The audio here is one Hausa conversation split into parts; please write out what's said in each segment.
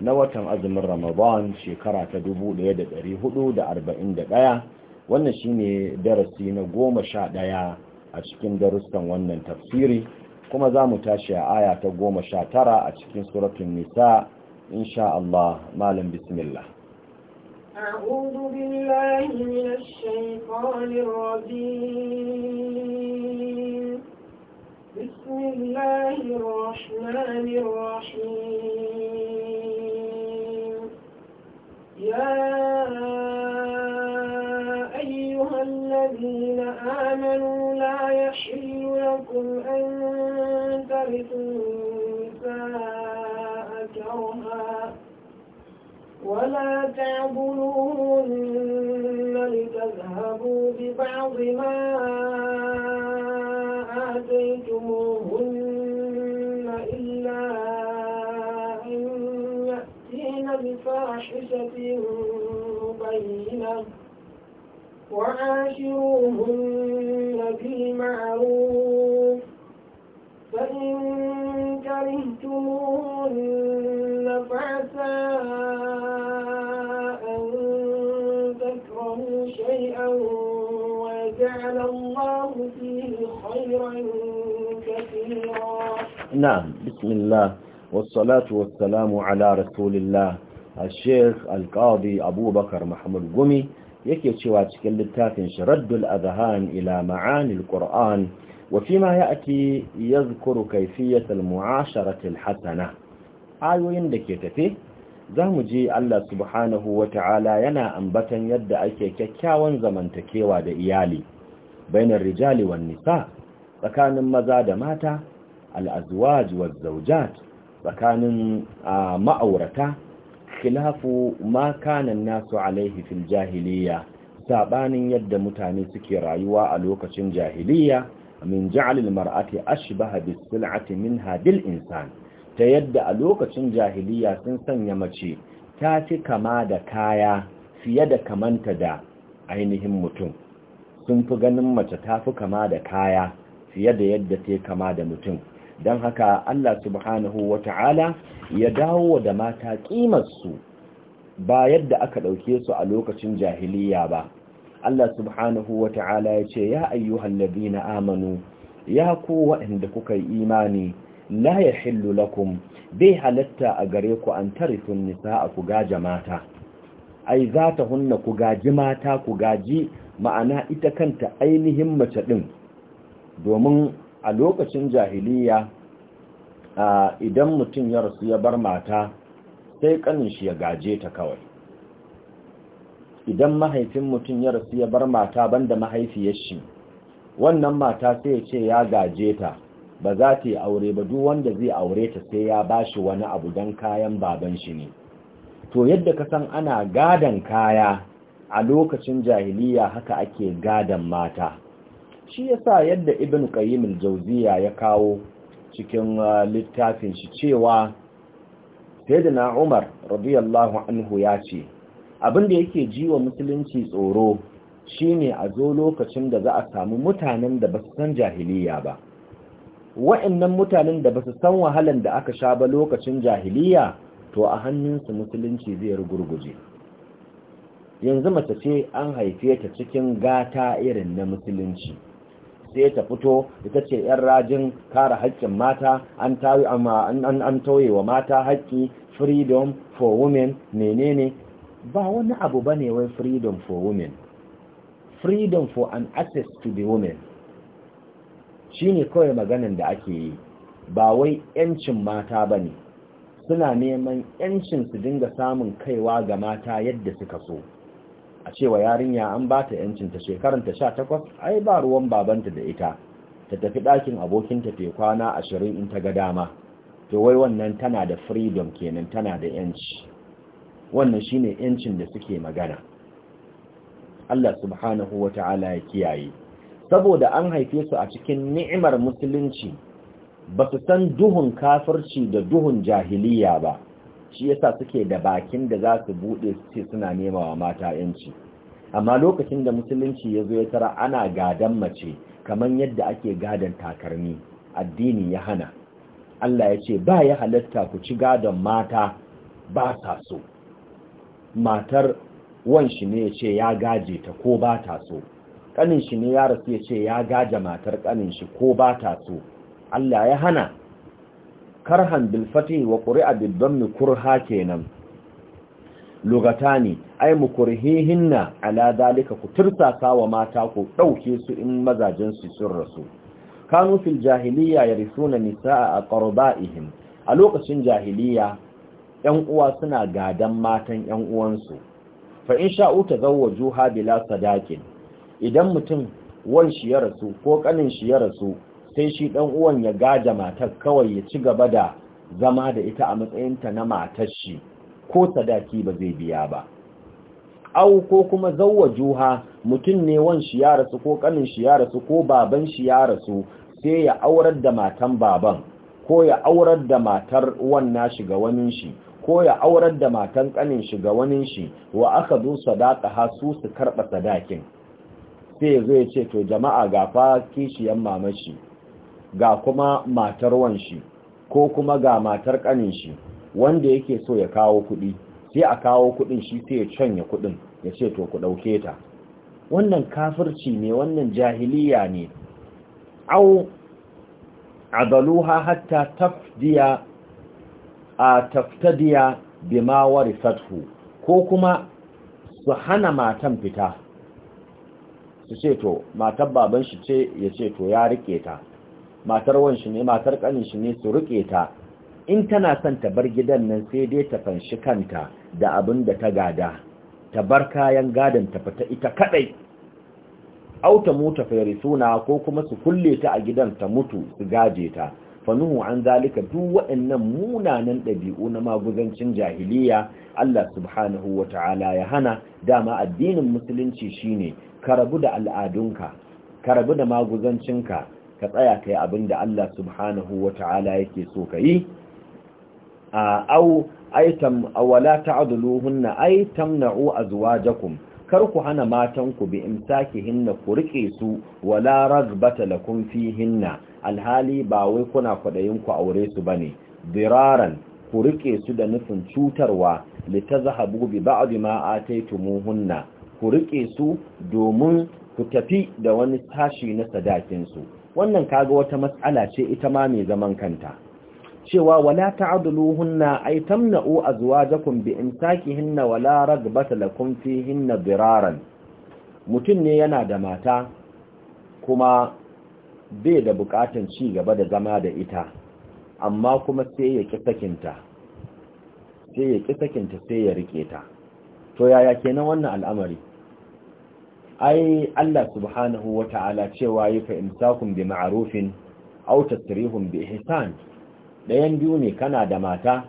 na watan azumin ramadan shekara ta 1441 wannan shine darasi na goma sha daya a cikin darussan wannan tafsiri kuma za mu tashi a aya ta goma sha tara a cikin suratun nisa insha Allah malam bismillah أعوذ بالله من الشيطان الرجيم بسم الله الرحمن يا أيها الذين آمنوا لا يحل لكم أن ترثوا النساء كرها ولا تعبدوهن لتذهبوا ببعض ما فاحشة مبينة وعاشروهن بالمعروف فإن كرهتموهن فعسى أن تكرهوا شيئا ويجعل الله فيه خيرا كثيرا نعم بسم الله والصلاة والسلام على رسول الله a sheikh alkawadi abubakar mahmud gumi yake cewa cikin littafin shiraddul azhan ila ma'anil qur'an wa fima ya'ti yadhkuru kayfiyat al-mu'asharati al-hasana ayoyin da ke tafe zamu je Allah subhanahu wata'ala yana ambatan yadda ake kyakkyawan zamantakewa da iyali bainar rijali wa nisa tsakanin maza da mata al-azwaj waz-zawjat tsakanin ma'aurata khilafu ma kana nasu alaihi fil jahiliya sabanin yadda mutane suke rayuwa a lokacin jahiliya min ja'al marati ashbaha bis sil'ati minha bil insan ta yadda a lokacin jahiliya sun sanya mace ta fi kama da kaya fiye da kamanta da ainihin mutum sun fi ganin mace ta fi kama da kaya fiye da yadda ta kama da mutum don haka Allah subhanahu wa ta'ala ya dawo da mata ƙimarsu ba yadda aka ɗauke su a lokacin jahiliya ba Allah subhanahu wa ta'ala ya ce ya ayyuhan na amanu ya ku waɗanda kuka yi imani la ya hillu lakum bai halatta a gare ku an tarifin nisa a ku gaja mata ai za ta hunna ku gaji mata ku gaji ma'ana ita kanta ainihin mace ɗin domin a lokacin jahiliya idan mutum ya rasu ya bar mata sai kanin shi ya gaje ta kawai idan mahaifin mutum ya rasu ya bar mata banda mahaifiyar shi wannan mata sai ya ce ya gaje ta ba za ta yi aure ba duk wanda zai aure ta sai ya bashi wani abu don kayan baban shi ne to yadda ka san ana gadan kaya a lokacin jahiliya haka ake gadan mata shi yasa yadda ibn qayyim al-jawziya ya kawo cikin uh, littafin shi cewa sayyidina umar radiyallahu anhu ya ce abin da yake jiwa musulunci tsoro shine a zo lokacin da za a samu mutanen da ba su san jahiliya ba wa'annan mutanen da ba su san wahalan da aka sha ba lokacin jahiliya to a hannunsu musulunci zai rugurguje yanzu mace ce an haife ta cikin gata irin na musulunci sai ta fito ita ce yan rajin kare haƙƙin mata an tawaye wa mata haƙƙi freedom for women menene ba wani abu bane wai freedom for women freedom for an access to the women Shi ne kawai maganin da ake yi ba wai yancin mata ba ne. suna neman yancin su dinga samun kaiwa ga mata yadda suka so a cewa yarinya an ba ta yancinta shekaranta sha takwas ai ba ruwan babanta da ita ta tafi ɗakin abokinta ta kwana ashirin in ta ga dama to wai wannan tana da freedom kenan tana da yanci wannan shine yancin da suke magana Allah subhanahu wa ta'ala ya kiyaye saboda an haife su a cikin ni'imar musulunci ba su san duhun kafirci da duhun jahiliya ba shi yasa suke da bakin da za su bude su ce suna nema wa mata yanci amma lokacin da musulunci ya zo ya tara ana gadan mace kamar yadda ake gadan takarmi addini ya hana Allah ya ce ba ya halatta ku ci gadon mata ba sa so matar wanshi ne ya ce ya gaje ta ko ba ta so ƙanin shi ne ya rasu ya ce ya gaje matar ƙanin shi ko ba ta so Allah ya hana karhan bil fatih wa qur'a bid kurha kenan lugatani ay mukurhihinna ala dalika ku tirsasa wa mata ku dauke su in mazajin su sun rasu kanu fil jahiliya yarisuna nisaa aqrabaihim a lokacin jahiliya yan uwa suna gadan matan yan uwansu fa in sha'u ha bila sadaqin idan mutum wan shi ya rasu ko kanin shi ya rasu sai shi ɗan uwan ya gada matar kawai ya ci gaba da zama da ita a matsayinta na matar shi ko sadaki ba zai biya ba au ko kuma zawwa juha mutum ne wan shi ya rasu ko kanin shi ya rasu ko baban shi ya rasu sai ya aurar da matan baban ko ya aurar da matar uwan shi ga wanin shi ko ya aurar da matan kanin shi ga wanin shi wa aka zo sadaka ha su su karba sadakin sai zai ce to jama'a ga fa kishiyan mamashi ga kuma matar wanshi ko kuma ga matar kanin shi wanda yake so ya kawo kuɗi sai a kawo kuɗin shi sai ya canya kuɗin ya ce to ku ɗauke ta wannan kafirci ne wannan jahiliya ne au adaluha hatta tafdiya a taftadiya bima warisathu ko kuma su hana matan fita su ce to matan baban shi ce ya ce to ya rike ta matar wanshi ne matar kanin shi ne su rike ta in tana son ta bar gidan nan sai dai ta fanshi kanta da abin da ta gada ta bar kayan gadon ta fita ita kadai auta mutu suna ko kuma su kulle ta a gidan ta mutu su gaje ta fanuhu an zalika duk waɗannan munanan ɗabi'u na maguzancin jahiliya Allah subhanahu wata'ala ya hana dama addinin musulunci shine ka rabu da al'adunka ka rabu da maguzancinka ka tsaya kai abin da Allah subhanahu wa ta'ala yake so ka yi a au aitam awala na'o a zuwa azwajakum kar ku hana matan ku bi hinna ku riƙe su wala ragbata lakum hinna. alhali ba wai kuna kwadayin ku aure su bane diraran ku riƙe su da nufin cutarwa litazhabu bi ba'd ma ataytumuhunna ku riƙe su domin ku tafi da wani tashi na sadakinsu. wannan kaga wata matsala ce ita ma mai zaman kanta cewa wala ta'duluhunna ay tamna'u azwajakum bi imsakihinna wala ragbata lakum fihinna diraran mutum ne yana da mata kuma bai da bukatun ci gaba da zama da ita amma kuma sai ya ki sai ya riƙe sai ya rike ta to yaya kenan wannan al'amari ai Allah subhanahu wa ta'ala cewa yi fa imsakun bi ma'arufin aw bi ihsan Ɗayan biyu ne kana da mata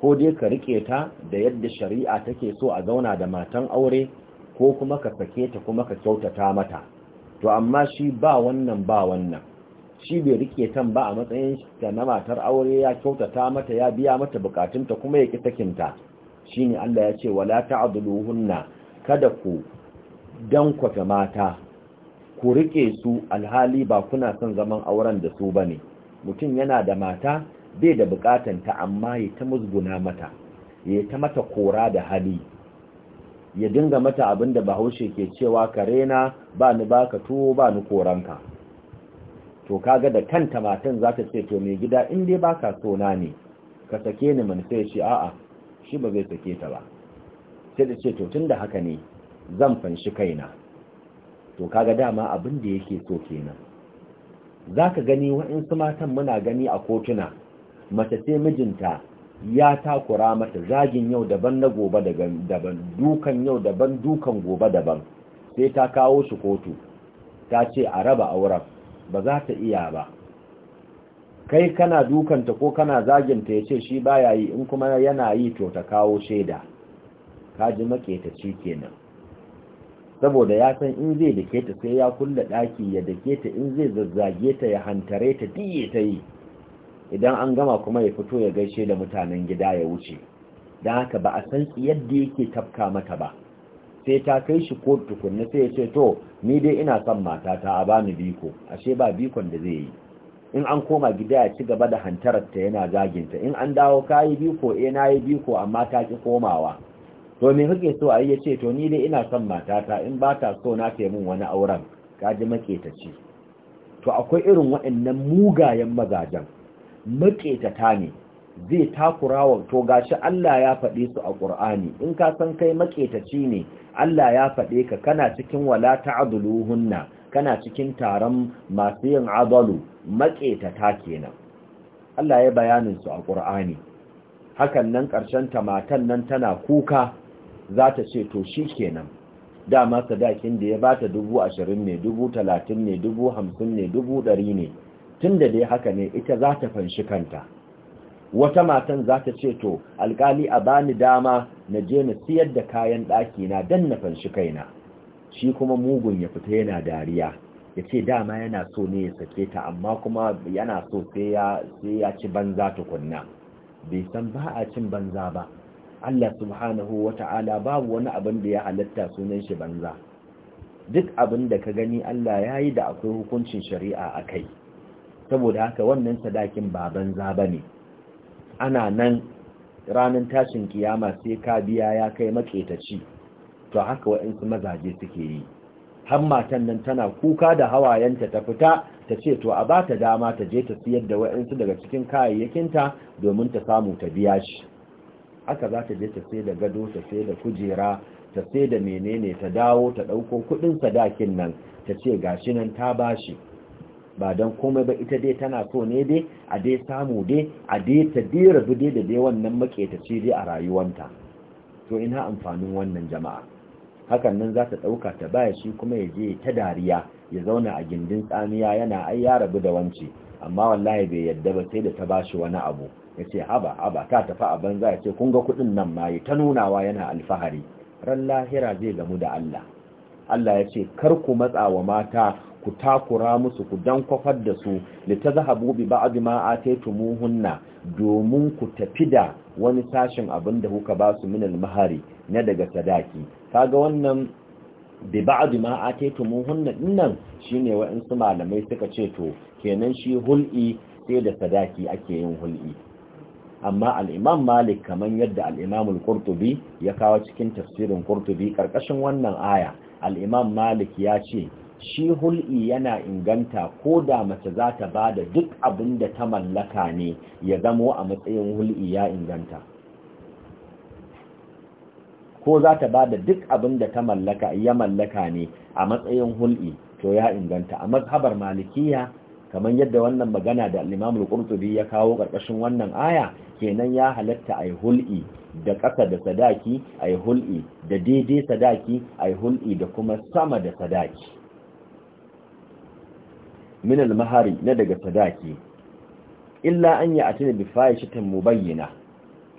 ko dai ka rike ta da yadda shari'a take so a zauna da matan aure ko kuma ka sake ta kuma ka kyautata mata to amma shi ba wannan ba wannan shi bai rike tan ba a matsayin ta na matar aure ya kyautata mata ya biya mata bukatunta kuma ya ki sakinta shine Allah ya ce wala ta'dhuluhunna kada ku Dan kwafe mata ku rike su alhali ba kuna son zaman auren da su bane mutum yana da mata bai da bukatan ta amma ya ta musguna mata ya ta mata kora da hali ya dinga mata abinda bahaushe ke cewa na ba ni baka tuwo ba ni koranka to kaga da kanta matan za ta ce to mai gida in dai baka so na ne ka sake ni mun sai shi a'a shi ba zai sake ta ba sai da ce to tunda haka ne zan fanshi kaina to kaga dama abin da yake so kenan zaka gani wa'insu matan muna gani a kotuna mace sai mijinta ya takura mata zagin yau daban na gobe daban dukan yau daban dukan gobe daban sai ta kawo shi kotu ta ce a raba auren ba za ta iya ba kai kana dukanta ko kana zaginta ya ce shi baya yi in kuma yana yi to ta kawo shaida kaji maketaci kenan saboda ya san in zai dake ta sai ya kulle daki ya dake ta in zai zazzage ta ya hantare ta diye ta yi idan an gama kuma ya fito ya gaishe da mutanen gida ya wuce don haka ba a san yadda yake tafka mata ba sai ta kai shi ko tukunna sai ya ce to ni dai ina son mata ta a bani biko ashe ba bikon da zai yi in an koma gida ya ci gaba da ta yana zaginta in an dawo kayi biko eh na yi biko amma ta ki komawa to me kake so a yi ce to ni dai ina son matata in ba ta so na ta min wani auren kaji maƙetaci to akwai irin waɗannan mugayen mazajen maƙetata ne zai takura wa to gashi Allah ya faɗe su a Ƙur'ani in ka san kai maƙetaci ne Allah ya faɗe ka kana cikin wala ta'dhuluhunna kana cikin taron masu yin adalu maƙetata kenan Allah ya bayanin su a Ƙur'ani hakan nan ƙarshen ta matan nan tana kuka za ta ce to shi kenan dama sadakin da ya ba ta dubu ashirin ne dubu talatin ne dubu hamsin ne dubu ɗari ne tun da dai haka ne ita za ta fanshi kanta wata matan za ta ce to alkali a bani dama na je na siyar da kayan ɗaki na don na fanshi kaina shi kuma mugun ya fita yana dariya ya ce dama yana so ne ya sake ta amma kuma yana so sai ya ci banza tukunna bai san ba a cin banza ba Allah subhanahu wa ta'ala babu wani abin da ya halatta sunan shi banza duk abin da ka gani Allah ya yi da akwai hukuncin shari'a a kai saboda haka wannan sadakin ba banza ba ne ana nan ranar tashin kiyama sai ka biya ya kai maƙetaci to haka waɗansu mazaje suke yi har matan nan tana kuka da hawayenta ta fita ta ce to a ba ta dama ta je ta siyar da wa'insu daga cikin kayayyakinta domin ta samu ta biya shi haka za ta je ta sai da gado ta sai da kujera ta sai da menene ta dawo ta ɗauko kuɗin sadakin nan ta ce gashi nan ta bashi ba don komai ba ita dai tana so ne dai a dai samu dai a dai ta dai rabu dai da dai wannan maketaci dai a rayuwanta to ina amfanin wannan jama'a hakan nan za ta ɗauka ta baya shi kuma ya je ta dariya ya zauna a gindin tsamiya yana ai ya rabu da wance amma wallahi bai yadda ba sai da ta bashi wani abu ya ce haba haba ta tafi a banza ya ce kunga kudin nan ma ta nunawa yana alfahari ran lahira zai gamu da Allah Allah ya ce kar ku matsa wa mata ku takura musu ku dan kwafar da su ta zahabu bi ba'd ma ataytumuhunna domin ku tafi da wani sashen abin da kuka ba su min mahari na daga sadaki kaga wannan bi ba'd ma ataytumuhunna dinnan shine wa'in su malamai suka ce to kenan shi hul'i sai da sadaki ake yin hul'i amma al'imam malik kamar yadda al'imamul kurtubi ya kawo cikin tafsirin kurtubi ƙarƙashin wannan aya al'imam malik ya ce shi hul'i yana inganta ko da mace za ta ba da duk abin da ta mallaka ne ya zamo a matsayin hul'i ya inganta ko za ta ba da duk abin da ta mallaka ya mallaka ne a matsayin hul'i to ya inganta a mazhabar malikiya kamar yadda wannan magana da al-Imam qurtubi ya kawo karkashin wannan aya kenan ya halatta ai hul'i da ƙasa da sadaki ai hul'i da daidai sadaki ai hul'i da kuma sama da sadaki min al-mahari na daga sadaki illa an ya atina bi mu mubayyana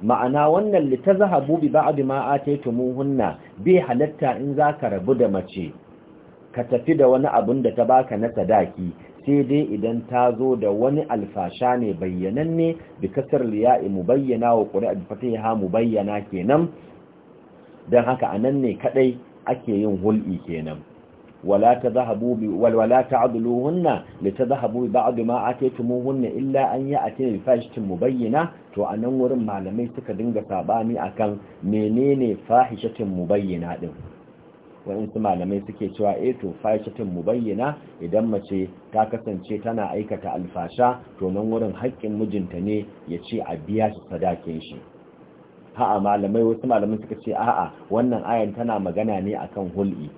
ma'ana wannan li tazahabu bi ba'd ma ataytumuhunna bi halatta in zaka rabu da mace ka tafi da wani abun da ta baka na sadaki sai dai idan ta zo da wani alfasha ne bayyananne bi kasar liya'i bayyana wa ƙuri'ar bi mu bayyana kenan dan haka anan ne kadai ake yin hul'i kenan wala ta ولا تذهبوا ma ake تعدلوهن hunna illa an yi الا ان ياتي mu bayyana to anan wurin malamai suka dinga sabani akan menene mu bayyana din waɗansu malamai suke cewa eh to mu bayyana, idan mace ta kasance tana aikata alfasha to nan wurin haƙƙin mijinta ne ya ce a biya shi sadakin shi ha'a malamai wasu malamai suka ce a'a wannan ayan tana magana ne akan hul'i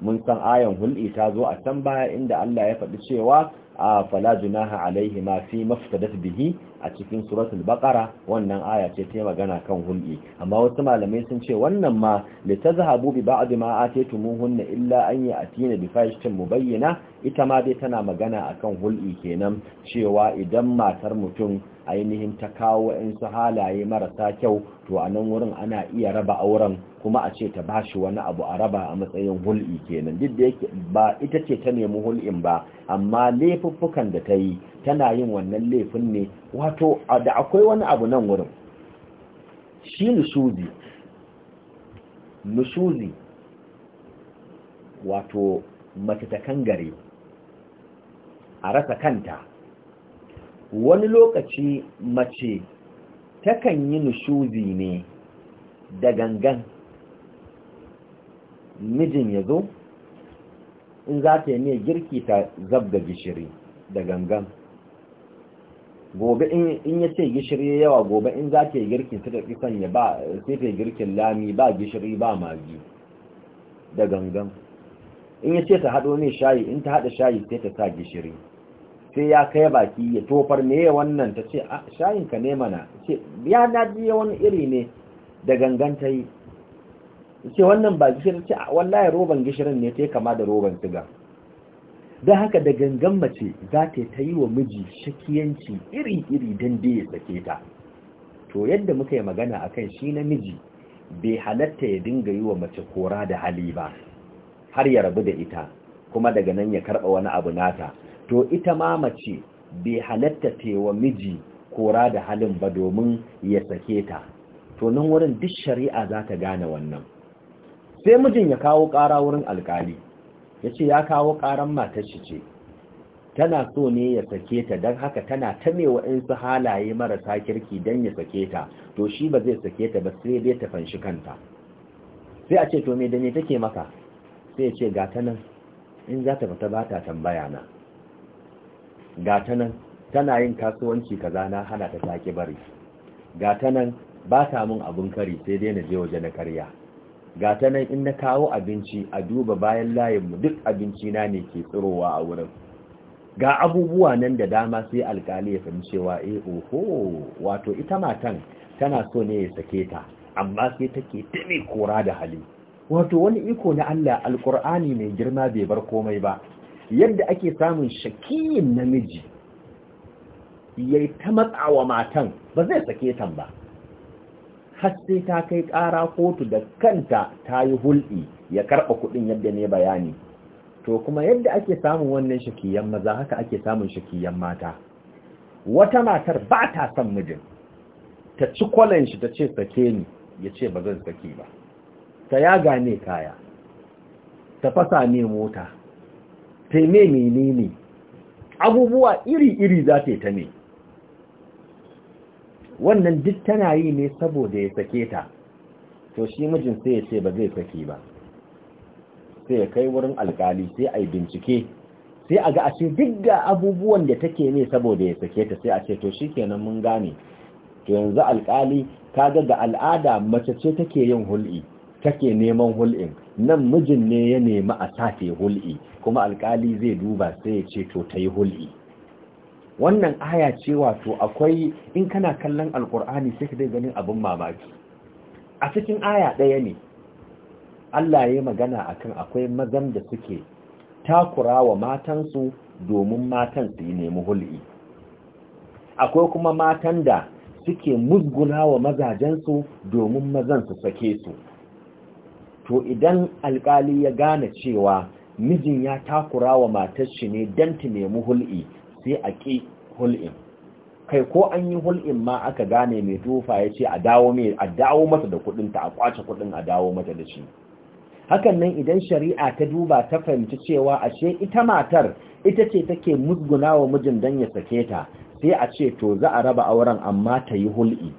mun san ayan hul'i ta zo a can baya inda Allah ya faɗi cewa a ah, fala junaha alaihi ma fi maftadat bihi a cikin suratul baqara wannan aya ce ta magana kan hulɗi amma wasu malamai sun ce wannan ma li tazhabu bi ba'd ma hunna illa an ya'tina bi mu mubayyana ita ma dai tana magana akan hulɗi kenan cewa idan matar mutum ainihin ta kawo in su halaye marasa kyau to a nan wurin ana iya raba auren kuma a ce ta bashi wani abu a raba a matsayin hul'i kenan duk da yake ba ita ce ta nemi hul'in ba amma laifuffukan da ta yi tana yin wannan laifin ne wato da akwai wani abu nan wurin shi nusuzi nusuzi wato mace ta kangare a rasa kanta wani lokaci mace takan yi nusuzi ne da gangan mijin ya zo in za ta yi girki ta da gishiri da gangan gobe in ya ce gishiri yawa gobe in za ta yi girkin ta tafi sanya ba sai ta girkin lami ba gishiri ba magi da gangan in ya ce ta haɗo ne shayi in ta haɗa shayi sai ta sa gishiri sai ya kai baki ya tofar ne wannan ta ce shayin ka ne mana ce ya daji wani iri ne da gangan ta yi ce wannan ba gishirin ce wallahi roban gishirin ne ta kama da roban siga don haka da gangan mace za ta ta yi wa miji shakiyanci iri-iri don da ya sake ta to yadda muka yi magana a kan shi miji bai halatta ya dinga yi wa mace kora da hali ba har ya rabu da ita kuma daga nan ya karɓa wani abu nata to ita ma mace bai halatta ta yi wa miji kora da halin ba domin ya sake ta to nan wurin duk shari'a za ta gane wannan sai mijin ya kawo ƙara wurin alƙali ya ce ya kawo ƙaran matar shi ce tana so ne ya sake ta don haka tana ta in su halaye marasa kirki don ya sake ta to shi ba zai sake ta ba sai bai ta fanshi kanta sai a ce to me da me take maka sai ya ce ga ta nan in za ta fata ba ta tambaya na ga ta nan tana yin kasuwanci kaza na hana ta sake bari ga ta nan ba ta mun abun kari sai dai na je waje na karya ga ta nan in na kawo abinci a duba bayan layinmu duk abinci na ne ke tsirowa a wurin ga abubuwa nan da dama sai alkali ya fahimci cewa eh oho wato ita matan tana so ne ya sake ta amma sai take tabe kora da hali wato wani iko na Allah alkur'ani mai girma bai bar komai ba yadda ake samun shakiyin namiji yayi ta matsawa matan ba zai sake ta ba har sai ta kai ƙara kotu da kanta ta yi hulɗi ya karɓa kuɗin yadda ne bayani to kuma yadda ake samun wannan shakiyan maza haka ake samun shakiyan mata wata matar ba ta son mijin ta ci kwalen shi ta ce sake ni ya ce ba zan sake ba ta ya gane kaya ta fasa ne mota ta yi menene abubuwa iri-iri za ta yi ta ne wannan duk tana yi ne saboda ya sake ta to shi mijin sai ya ce ba zai sake ba sai ya kai wurin alkali sai a yi bincike sai a ga a ce duk da abubuwan da take ne saboda ya sake ta sai a ce to shi kenan mun gane to yanzu alkali ka ga al'ada mace ce take yin hul'i take neman hul'in nan mijin ne ya nemi a safe hul'i kuma alkali zai duba sai ya ce to ta yi hul'i wannan aya ce wato akwai in kana kallon alkur'ani sai ka dai ganin abin mamaki a cikin aya ɗaya ne Allah ya magana akan akwai mazan da suke takura wa matansu domin matan su yi nemi hul'i akwai kuma matan da suke musguna wa mazajensu domin mazan su sake su to idan alkali ya gane cewa mijin ya takura wa matar shi ne don ta nemi hul'i sai a ƙi hul'in kai ko an yi hul'in ma aka gane mai tufa ya ce a dawo mai a dawo mata da kuɗinta a kwace kuɗin a dawo mata da shi hakan nan idan shari'a ta duba ta fahimci cewa ashe ita matar ita ce take musguna wa mijin don ya sake ta sai a ce to za a raba auren amma ta yi hul'i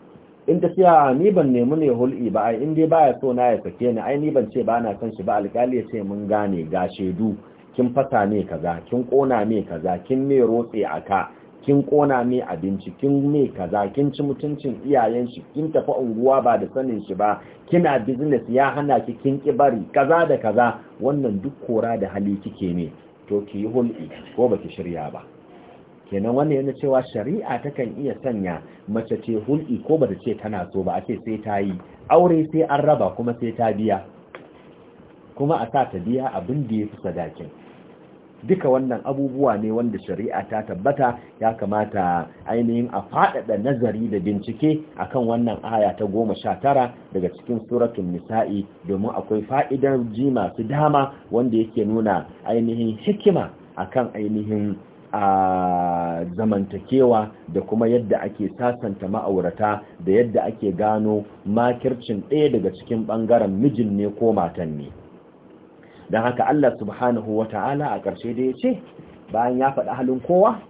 in ta cewa ni ban nemi ne hul'i ba in dai ya so na ya sake ni ai ni ban ce ba na son shi ba alkali ya ce mun gane ga shaidu kin fasa me kaza kin kona me kaza kin me rotse aka kin kona me abinci kin me kaza kin ci mutuncin iyayen shi kin tafi unguwa ba da sanin shi ba kina business ya hana ki kin kibari kaza da kaza wannan duk kora da hali kike ne to ki yi hulɗi ko baki shirya ba kenan wannan yana cewa shari'a takan iya sanya mace ce hulɗi ko bata ce tana so ba a sai ta yi aure sai an raba kuma sai ta biya kuma a sa ta biya abin da ya fi sadakin duka wannan abubuwa ne wanda shari'a ta tabbata ya kamata ainihin a faɗaɗa nazari da bincike akan wannan aya ta goma sha tara daga cikin suratun nisa'i domin akwai fa'idar ji masu dama wanda yake nuna ainihin hikima a kan ainihin a zamantakewa da kuma yadda ake sasanta ma'aurata da yadda ake gano makircin ɗaya daga cikin ɓangaren mijin ne ko matan ne. don haka Allah subhanahu wa ta'ala a ƙarshe da ya ce bayan ya faɗi halin kowa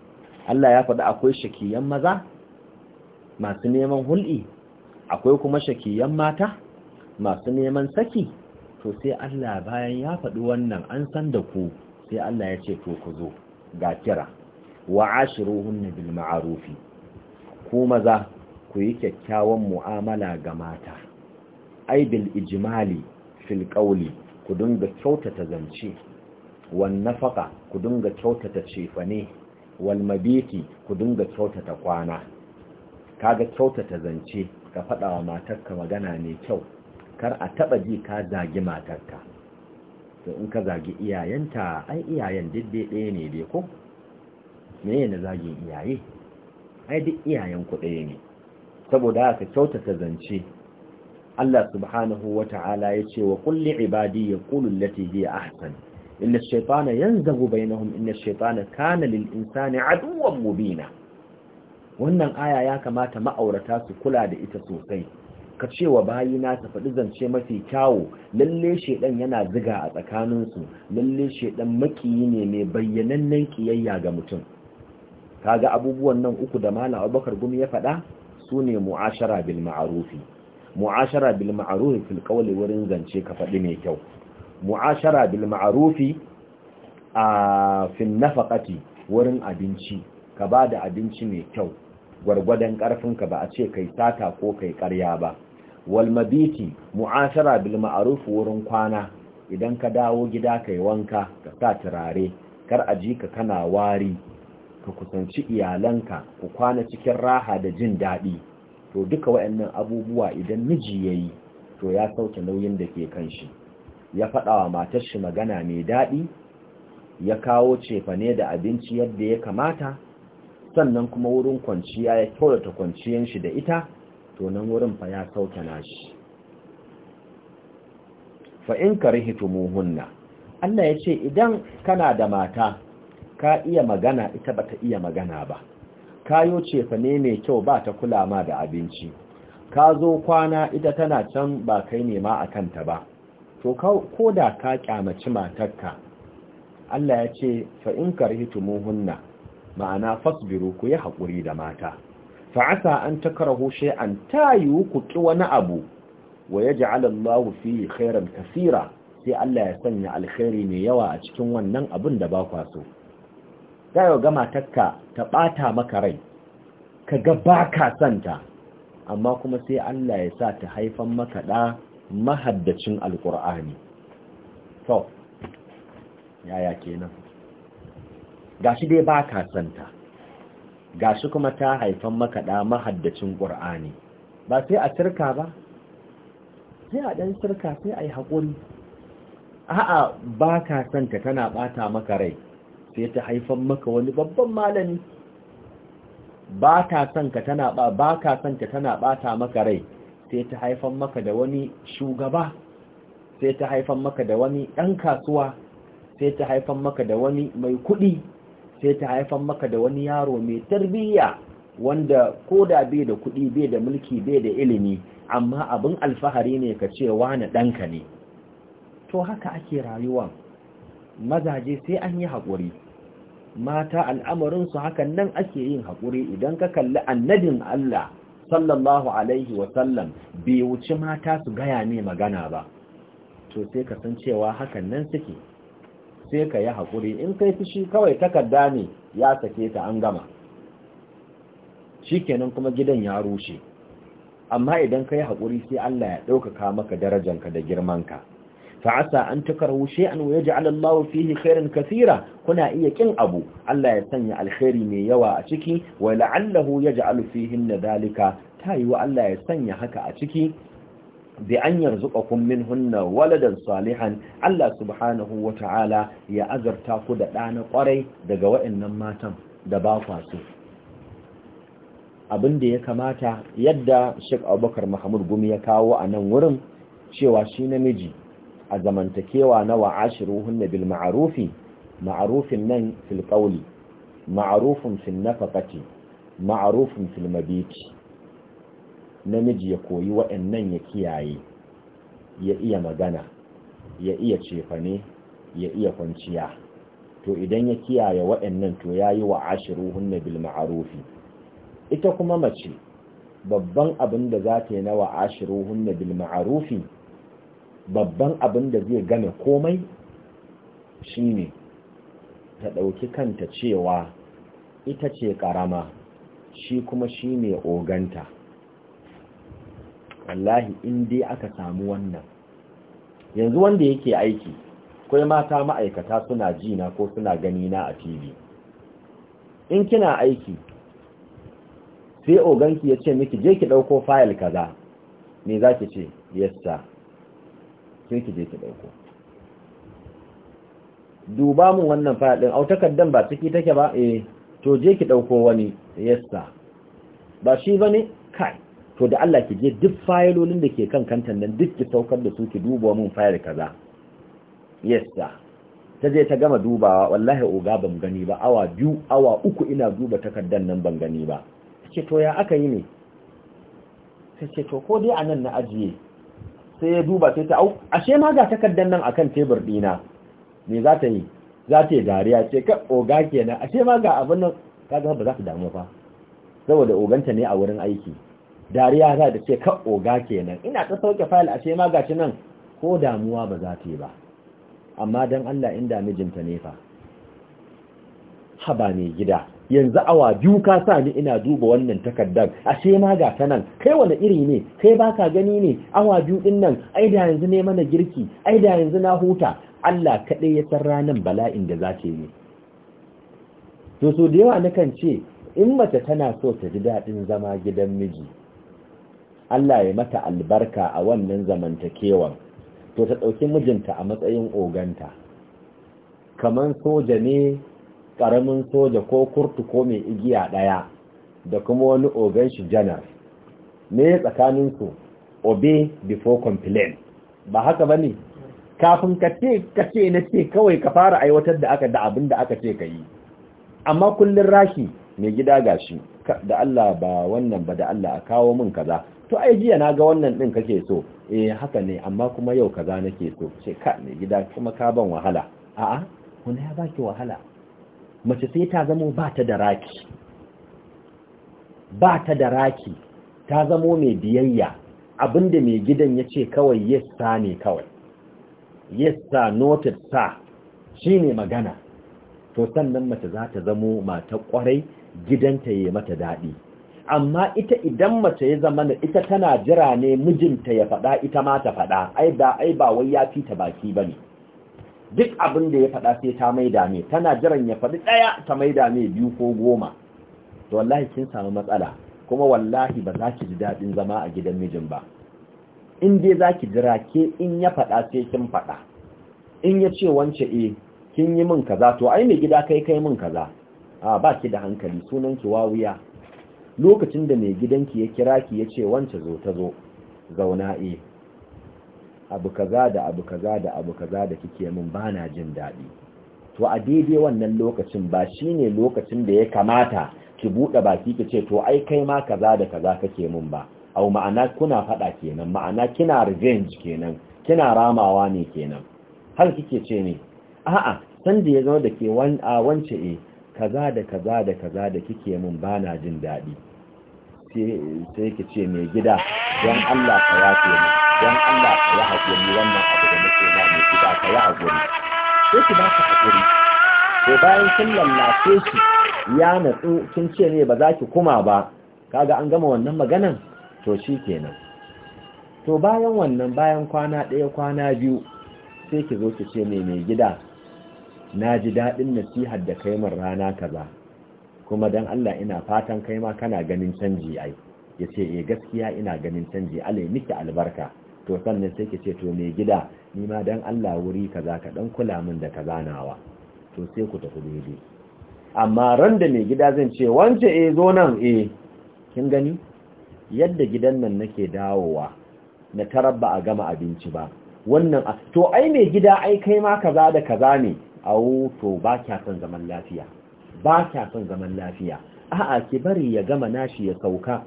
Allah ya faɗi akwai shakiyan maza masu neman hul'i akwai kuma shakiyan mata masu neman saki to sai Allah bayan ya faɗi wannan an san da ku sai Allah ya ce to ku zo ga kira wa ashiruhunna bil ma'arufi ku maza ku yi kyakkyawan mu'amala ga mata ai bil ijmali fil qawli ku dinga kyautata zance wan nafaka ku dinga kyautata cefane wal mabiti ku dinga kyautata kwana kaga kyautata zance ka faɗa wa matarka magana mai kyau kar a taɓa ji ka zagi matarka to in ka zagi iyayenta ai iyayen diddai ɗaya ne dai ko me na zagin iyaye ai duk iyayen ku ɗaya ne saboda haka kyautata zance Allah subhanahu wa ta'ala ya ce wa kulli ibadi ya kulun lati hiya ahsan inna shaytana yanzagu bainahum inna shaytana kana lil insani aduwwan mubina wannan aya ya kamata ma'aurata su kula da ita sosai ka ce wa bayina ta faɗi zance mafi kyawu lalle shedan yana ziga a tsakaninsu lalle shedan makiyi ne mai bayyanannen kiyayya ga mutum kaga abubuwan nan uku da malam abubakar gumi ya faɗa su ne mu'ashara bil ma'arufi mu'ashara bil ma'ruf fil qawli wurin zance ka fadi mai kyau mu'ashara bil ma'ruf a fil nafaqati wurin abinci ka bada abinci mai kyau gwargwadon karfin ka ba a ce kai sata ko kai ƙarya ba wal mabiti mu'ashara bil ma'ruf wurin kwana idan ka dawo gida kai wanka ka sa turare kar a ji ka kana wari ka kusanci iyalanka ku kwana cikin raha da jin daɗi to duka wayannan abubuwa idan miji yayi to ya sauke nauyin da ke kan shi ya faɗa wa matar shi magana mai daɗi ya kawo cefane da abinci yadda ya kamata sannan kuma wurin kwanciya ya kyautata kwanciyan shi da ita to nan wurin fa ya sauke nashi fa in karihitumuhunna Allah ya ce idan kana da mata ka iya magana ita bata iya magana ba kayo ne mai kyau ba ta kula ma da abinci ka zo kwana ita tana can ba kai ne ma a kanta ba to ko da ka kyamaci matarka Allah ya ce fa in karhitumuhunna ma'ana fasbiru ku yi haƙuri da mata fa'asa an takarahu an tayu ku ki wani abu wa yaj'al Allahu fi khairan kaseera sai Allah ya sanya alkhairi mai yawa a cikin wannan abin da ba kwa so za ka gama takka ta ɓata maka rai ka ga ba ka santa amma kuma sai Allah ya sa ta haifan maka ɗa mahaddacin alƙur'ani to yaya kenan gashi dai ba ka santa gashi kuma ta haifan maka ɗa mahaddacin ƙur'ani ba sai a cirka ba sai a ɗan cirka sai a yi haƙuri a'a ba ka santa tana ɓata maka rai sai ta haifan maka wani babban malami ba ta son ka tana ba ba ka son ka tana bata maka rai sai ta haifan maka da wani shugaba sai ta haifan maka da wani ɗan kasuwa sai ta haifan maka da wani mai kuɗi sai ta haifan maka da wani yaro mai tarbiyya wanda ko da bai da kuɗi bai da mulki bai da ilimi amma abin alfahari ne ka ce wani ɗanka ne to haka ake rayuwa mazaje sai an yi haƙuri mata al'amarinsu hakan nan ake yin haƙuri idan ka kalli annabin Allah sallallahu alaihi wasallam bai wuce mata su gaya ne magana ba to sai ka san cewa hakan nan suke sai ka yi haƙuri in kai fushi kawai takarda ne ya sake ta an gama shikenan kuma gidan ya rushe amma idan ka yi haƙuri sai Allah ya ɗaukaka maka darajanka da girmanka fa'asa an takarhu shay'an wa yaj'al Allahu fihi khairan kathira kuna iya kin abu Allah ya sanya alkhairi mai yawa a ciki wa la'allahu ya yaj'al fihi nadhalika Ta wa Allah ya sanya haka a ciki bi an kummin minhunna waladan salihan Allah subhanahu wa ta'ala ya azarta ku da ɗana kwarai daga waɗannan matan da ba kwasu. abin da ya kamata yadda Sheikh Abubakar Mahmud Gumi ya kawo a nan wurin cewa shi namiji a zamantakewa na wa'ashiruhunna bil ma'rufi Ma'arufin nan fil qawli ma'rufun fil nafaqati ma'rufun fil mabiti namiji ya koyi wa'annan ya kiyaye ya iya magana ya iya cefane ya iya kwanciya to idan ya kiyaye wa'annan to yayi wa'ashiruhunna bil ma'rufi ita kuma mace babban abin da za ta yi na wa'ashiruhunna bil babban abin da zai game komai shine ta ɗauki kanta cewa ita ce ƙarama shi kuma shi ne oganta wallahi in dai aka samu wannan yanzu wanda yake aiki kai mata ma'aikata suna ji na ko suna gani na a tv in kina aiki sai oganki ya ce miki je ki ɗauko fayil kaza me za ki ce yes sir sai ki je ki dauko duba mun wannan fadin au takaddan ba ciki take ba eh to je ki dauko wani yassa ba shi bane kai to da Allah ki je duk failolin da ke kan kantan nan duk ki saukar da su ki duba mun fayil kaza yassa ta je ta gama dubawa wallahi uga ban gani ba awa biyu awa uku ina duba takardan nan ban gani ba ce to ya aka yi ne sai ce to ko dai anan na ajiye sai ya duba sai ta au ashe ma ga takardar nan akan tebur dina me za ta yi za ta yi dariya ce ka oga kenan ashe ma ga abin nan ka ga ba za ta damu fa saboda oganta ne a wurin aiki dariya za ta ce ka oga kenan ina ta sauke fayil ashe ma ga nan ko damuwa ba za ta yi ba amma dan Allah inda mijinta ne fa haba ne gida yanzu awa biyu ka sa ni ina duba wannan takardar ashe ma ga ta nan kai wani iri ne kai baka gani ne awa biyu din nan ai da yanzu ne mana girki ai da yanzu na huta Allah kaɗai ya san ranar bala'in da za ta yi to so da yawa nakan ce in mace tana so ta ji daɗin zama gidan miji Allah ya mata albarka a wannan zamantakewan to ta ɗauki mijinta a matsayin oganta kaman soja ne karamin soja ko kurtu ko mai igiya ɗaya da kuma wani ogan shi janar ne su obey before complain ba haka bane kafin ka ce ka ce na ce kawai ka fara aiwatar da aka da abin da aka ce ka yi amma kullun Raki, mai gida gashi da Allah ba wannan ba da Allah a kawo min kaza to ai jiya na ga wannan din kake so eh haka ne amma kuma yau kaza nake so ce ka mai gida kuma ka ban wahala a'a kuna ya baki wahala mace sai ta zamo ba ta da raki ba ta da raki ta zamo mai biyayya abinda mai gidan ya ce kawai yes ne kawai yes noted sa shi ne magana to sannan mace za ta zamo mata kwarai gidanta ya mata daɗi amma ita idan mace ya zama ita tana jira ne mijinta ya faɗa ita ma ta faɗa ai ba wai ya fita baki ba ne. duk abin da ya faɗa sai ta maida ne tana jiran ya faɗi ɗaya ta maida mai biyu ko goma to wallahi kin samu matsala kuma wallahi ba za ki ji daɗin zama a gidan mijin ba in dai za ki jira ke in ya faɗa sai kin faɗa in ya ce wance e kin yi min kaza to ai mai gida kai kai min kaza a ba ki da hankali sunan ki wawuya lokacin da mai gidanki ya kira ki ya ce wance zo ta zo zauna e abu kaza da abu kaza da abu kaza da kike min bana jin daɗi to a daidai wannan lokacin ba shine lokacin da ya kamata ki buɗe baki ki ce to ai kai ma kaza da kaza kake min ba au ma'ana kuna faɗa kenan ma'ana kina revenge kenan kina ramawa ne kenan har kike ce ne a'a san da ya zama da ke wance e kaza da kaza da kaza da kike min bana jin daɗi sai ki ce mai gida don Allah ka yafe ni don Allah ka yi haƙuri wannan abu da nake na mai gida ka yi haƙuri sai ki ba ka haƙuri to bayan kin lallace shi ya natsu kin ce ne ba za ki kuma ba kaga an gama wannan maganan to shi kenan to bayan wannan bayan kwana ɗaya kwana biyu sai ki zo ki ce mai mai gida na ji daɗin nasihar da kai min rana kaza kuma dan Allah ina fatan kai ma kana ganin canji ai yace eh gaskiya ina ganin canji alai miki albarka to sannan sai ke ce to me gida ni ma dan Allah wuri kaza ka dan kula min da kaza nawa to sai ku tafi daidai amma ran da mai gida zan ce wance eh zo nan eh kin gani yadda gidan nan nake dawowa na tarabba a gama abinci ba wannan to ai mai gida ai kai ma kaza da kaza ne au to ba kya son zaman lafiya ba ta son zaman lafiya a'a ki bari ya gama nashi ya sauka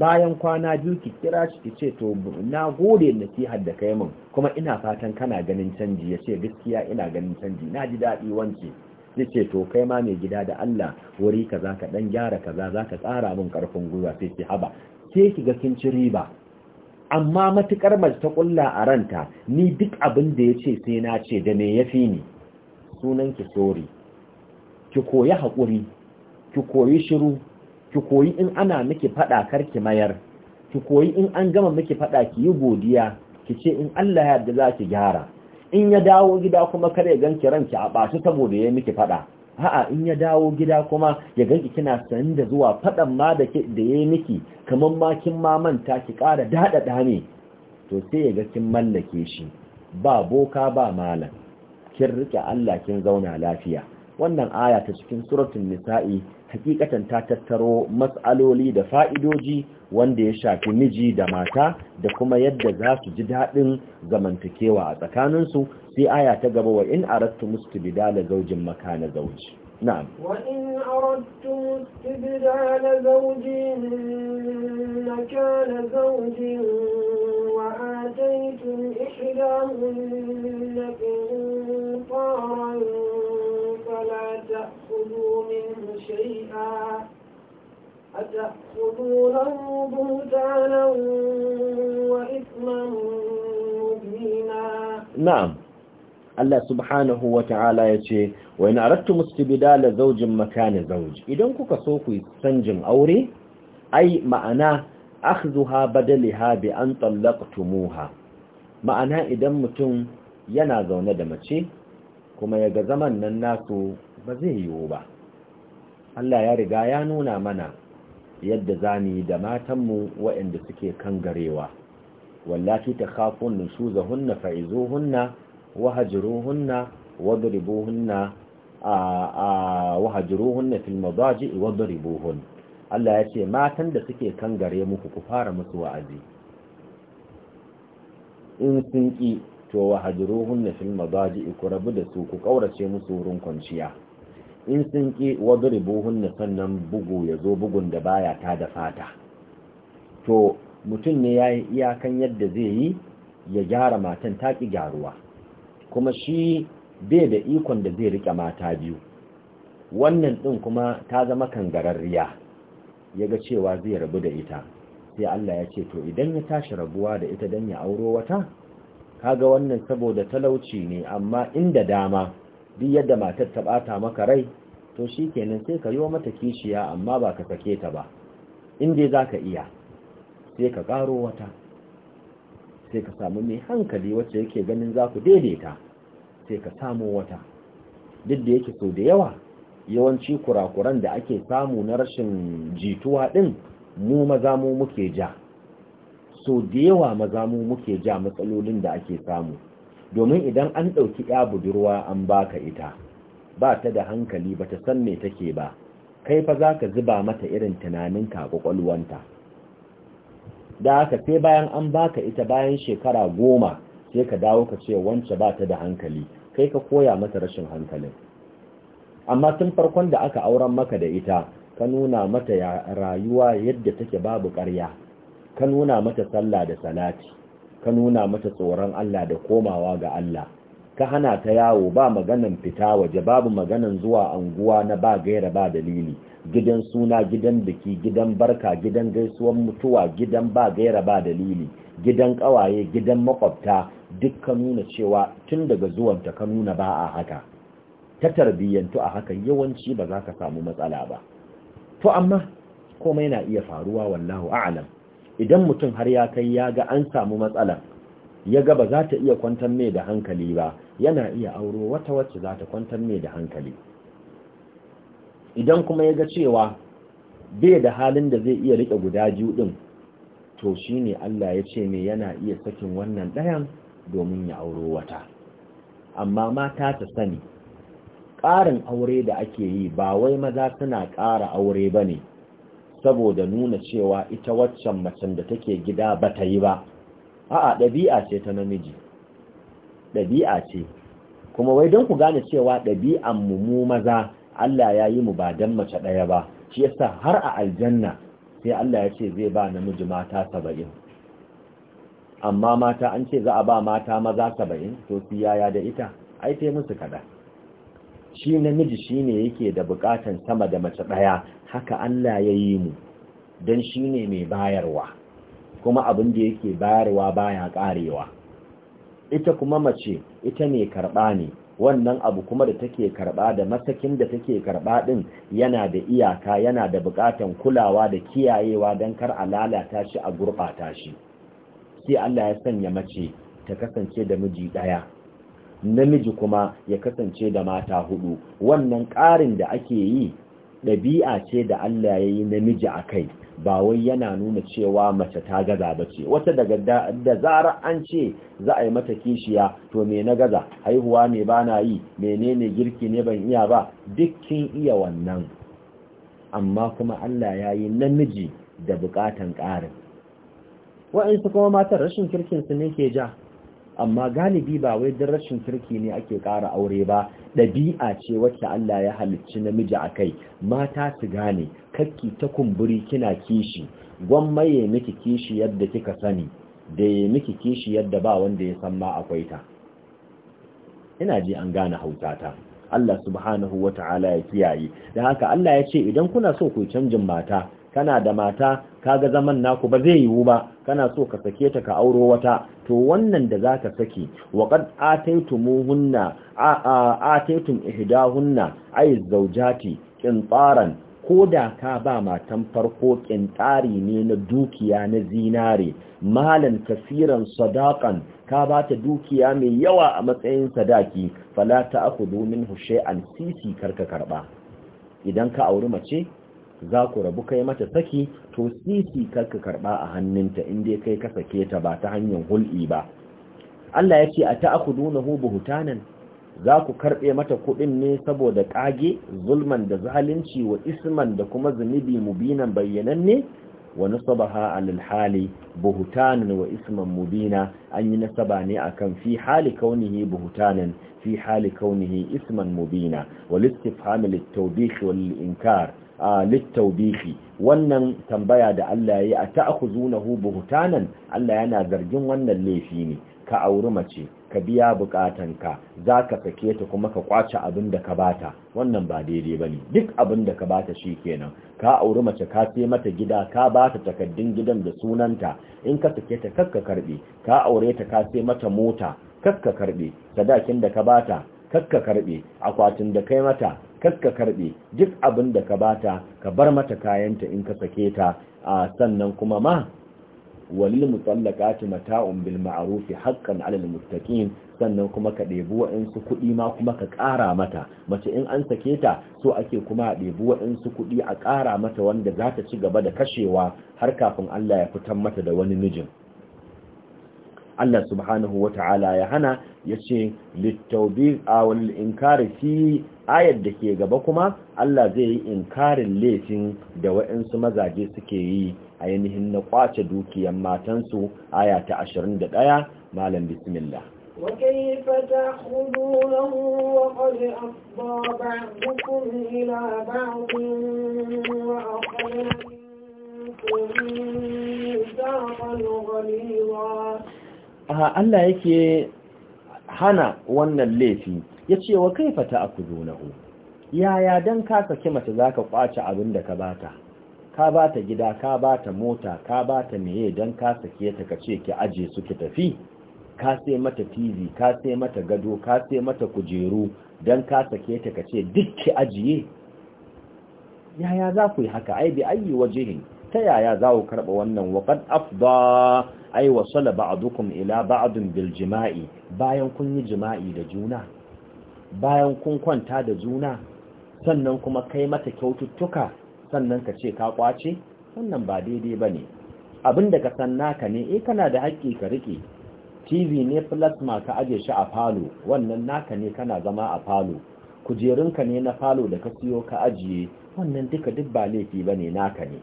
bayan kwana biyu ki kira shi ki ce to na gode na ki da kai min kuma ina fatan kana ganin canji ya ce gaskiya ina ganin canji na ji daɗi wance zai ce to kai ma mai gida da Allah wuri kaza ka dan gyara kaza za ka tsara min karfin gwiwa sai ki haba Ke ki ga kin ci riba amma matukar mace ta ƙulla a ranta ni duk abin da ya ce sai na ce da me yafi ni sunan ki sori ki koyi haƙuri ki koyi shiru ki koyi in ana miki faɗa kar ki mayar ki koyi in an gama miki faɗa ki yi godiya ki ce in Allah ya yarda za ki gyara in ya dawo gida kuma kar ya ganki ranki a ɓaci saboda ya miki faɗa a'a in ya dawo gida kuma ya ganki kina sanin da zuwa faɗan ma da da yayi miki kamar ma kin ma manta ki ƙara dada ne, to sai ya ga kin mallake shi ba boka ba malam kin rike Allah kin zauna lafiya wannan aya ta cikin suratun nisa'i hakikatan ta tattaro matsaloli da fa'idoji wanda ya shafi miji da mata da kuma yadda za su ji daɗin zamantakewa a tsakaninsu sai aya ta gaba wa in arattu mustibidala zaujin makana zauji na'am wa in arattu mustibidala zaujin makana zaujin wa ataytum شيئا أتأخذونه بهتانا وإثما مبينا نعم Allah subhanahu wa ta'ala ya ce, Wa ina rattu mustibida da zaujin makani zauji, idan kuka so ku canjin aure, ai ma'ana, akhzuha badaliha bi an tsallaktumuha. Ma'ana idan mutum yana zaune da mace, kuma yaga zaman nan nasu ba zai yiwu ba. Allah ya riga ya nuna mana yadda za mu yi da matanmu waɗanda suke kan garewa wallafi ta kafin nushu hunna fa'izo hunna wahajiru hunna wadribu hunna a hunna filmabaji wadribu hun. Allah ya ce matan da suke kan gare muku ku fara musu wa'azi in sun ƙi to wahajiru hunna filmabaji ku rabu da su ku ƙaurace musu wurin kwanciya in sun ki na sannan bugu ya zo bugun da baya ta da fata to mutum ne ya yi iyakan yadda zai yi ya gyara matan ta ki gyaruwa kuma shi bai da ikon da zai rike mata biyu wannan ɗin kuma ta zama kangararriya ya ga cewa zai rabu da ita sai Allah ya ce to idan ya tashi rabuwa da ita don ya auro wata kaga wannan saboda talauci ne amma inda dama duk yadda matar ta bata maka rai to shi kenan sai ka yi mata kishiya amma ba ka sake ta ba inda za ka iya sai ka ƙaro wata sai ka samu mai hankali wacce yake ganin za ku daidaita sai ka samu wata duk da yake so da yawa yawanci kurakuran da ake samu na rashin jituwa din, mu maza mu muke ja so da yawa maza mu muke ja matsalolin da ake samu domin idan an ɗauki ya budurwa an baka ita ba ta da hankali ba ta san me take ba kai fa za ka zuba mata irin tunanin tunaninka kwakwalwanta da haka sai bayan an baka ita bayan shekara goma sai ka dawo ka ce wance ba ta da hankali kai ka koya mata rashin hankalin amma tun farkon da aka auren maka da ita ka nuna mata rayuwa yadda take babu ƙarya ka nuna mata sallah da salati ka nuna mata tsoron Allah da komawa ga Allah ka hana ta yawo ba maganan fita waje babu maganan zuwa anguwa na ba gaira ba dalili gidan suna gidan biki gidan barka gidan gaisuwan mutuwa gidan ba gaira ba dalili gidan kawaye gidan makwabta duk ka nuna cewa tun daga zuwanta ka nuna ba a haka ta tarbiyyantu a haka yawanci ba za ka samu matsala ba to amma komai na iya faruwa wallahu a'lam idan mutum har ya kai ya ga an samu matsala ya ga ba za ta iya kwantar mai da hankali ba yana iya auro wata wacce za ta kwantar mai da hankali idan kuma ya ga cewa bai da halin da zai iya riƙe guda biyu ɗin to shine Allah ya ce mai yana iya sakin wannan ɗayan domin ya auro wata amma mata ta sani ƙarin aure da ake yi ba wai maza suna ƙara aure ba ne saboda nuna cewa ita waccan macen da take gida ba ta yi ba a'a ɗabi'a ce ta namiji ɗabi'a ce kuma wai don ku gane cewa ɗabi'an mu mu maza Allah ya yi mu ba don mace ɗaya ba shi yasa har a aljanna sai Allah ya ce zai ba namiji mata saba'in amma mata an ce za a ba mata maza saba'in to su yaya da ita ai sai musu kaɗan shi namiji shi ne yake da bukatan sama da mace ɗaya, haka Allah ya yi mu don shi ne mai bayarwa kuma abin da yake bayarwa baya karewa ita kuma mace ita ne karɓa ne wannan abu kuma da take karɓa da matakin da take karɓa ɗin yana da iyaka yana da bukatan kulawa da kiyayewa don kar a lalata shi a gurɓata shi sai Allah ya sanya mace ta kasance da miji ɗaya. namiji kuma ya kasance da mata hudu wannan ƙarin da ake yi ɗabi'a ce da Allah ya yi namiji a kai ba wai yana nuna cewa mace ta gaza ba ce wata daga da zara an ce za a yi mata kishiya to me na gaza haihuwa ne, ba na yi menene girki ne ban iya ba dukkin iya wannan amma kuma Allah ya yi namiji da bukatan ƙarin su kuma matar rashin kirkinsu ne ke ja amma galibi ba wai don rashin kirki ne ake ƙara aure ba ɗabi'a ce wacce Allah ya halicci namiji a kai mata su gane kakki ta kumburi kina kishi gwamma ya miki kishi yadda kika sani da ya miki kishi yadda ba wanda ya san ma akwai ta ina ji an gane hautata Allah subhanahu wa ta'ala ya kiyaye da haka Allah ya ce idan kuna so ku canjin mata kana da mata Ka ga zaman naku ba zai yiwu ba kana so ka sake ta ka auro wata to wannan da zaka saki wa qad ataytumuhunna ataytum ihdahunna ay zawjati qintaran koda ka ba matan farko tsari ne na dukiya na zinare malan kasiran Sadaƙan ka ba ta dukiya mai yawa a matsayin sadaki fala ta aku domin hushe sisi karka karba idan ka auri mace za ku rabu kai mata saki to sisi karka karba a hannunta inda kai ka sake ta ba ta hanyar hul'i ba Allah ya ce a ta'khudunahu buhtanan za ku karbe mata kuɗin ne saboda ƙage, zulman da zalunci wa isman da kuma zunubi mubinan bayyananne wa nasabaha alal hali buhtanan wa isman mubina an yi nasaba ne akan fi hali kaunihi buhtanan fi hali kaunihi isman mubina wal tawbih wal inkar littaubihi wannan tambaya da Allah ya yi a ta'khuzunahu buhtanan Allah yana zargin wannan laifi ne ka auri mace ka biya bukatanka za ka sake ta kuma ka kwace abin da ka bata wannan ba daidai ba ne duk abin da ka bata shi kenan ka auri mace ka sai mata gida ka bata takaddun gidan da sunanta in ka sake ta kakka karbe ka aure ta ka sai mata mota kakka karbe sadakin da ka bata kakka karbe akwatin da kai mata kaska karbe duk abin da ka bata ka bar mata kayanta in ka sake ta a sannan kuma ma walil mutallaqati mata'un bil ma'ruf haqqan 'alal muttaqin sannan kuma ka ɗebi waansu kuɗi ma kuma ka ƙara mata mace in an sake ta so ake kuma a ɗebi waɗansu kuɗi a ƙara mata wanda za ta ci gaba da kashewa har kafin Allah ya fitar mata da wani mijin Allah subhanahu wa ta'ala ya hana ya ce littaubi a wani inkari fi ayar da ke gaba kuma Allah zai yi inkarin laifin da wa'insu mazaje suke yi a yanihin na kwace dukiyan matansu aya ta 21 malam bismillah وكيف تأخذونه وقد أفضى بعضكم إلى بعض وأخذ منكم غليظا Allah yake hana wannan laifi ya ce wa kaifa ta'kulunahu yaya dan ka saki mace ka kwace abin da ka bata ka bata gida ka bata mota ka bata meye don kasa ke ta kace ki aje su ki tafi ka sai mata TV ka sai mata gado ka sai mata kujeru don kasa ke ta kace duk ki ajiye yaya za ku yi haka ai bi ayi wajihin ta yaya za ku karɓa wannan waƙad afda ai wasala ba'dukum ila ba'dun bil jima'i bayan kun yi jima'i da juna bayan kun kwanta da juna sannan kuma kai mata kyaututtuka sannan ka ce ka kwace wannan ba daidai bane abinda ka san naka ne eh kana da haƙƙi ka rike TV ne plasma ka aje shi a falo wannan naka ne kana zama a falo kujerunka ne na falo da ka siyo ka ajiye wannan duka duk ba laifi bane naka ne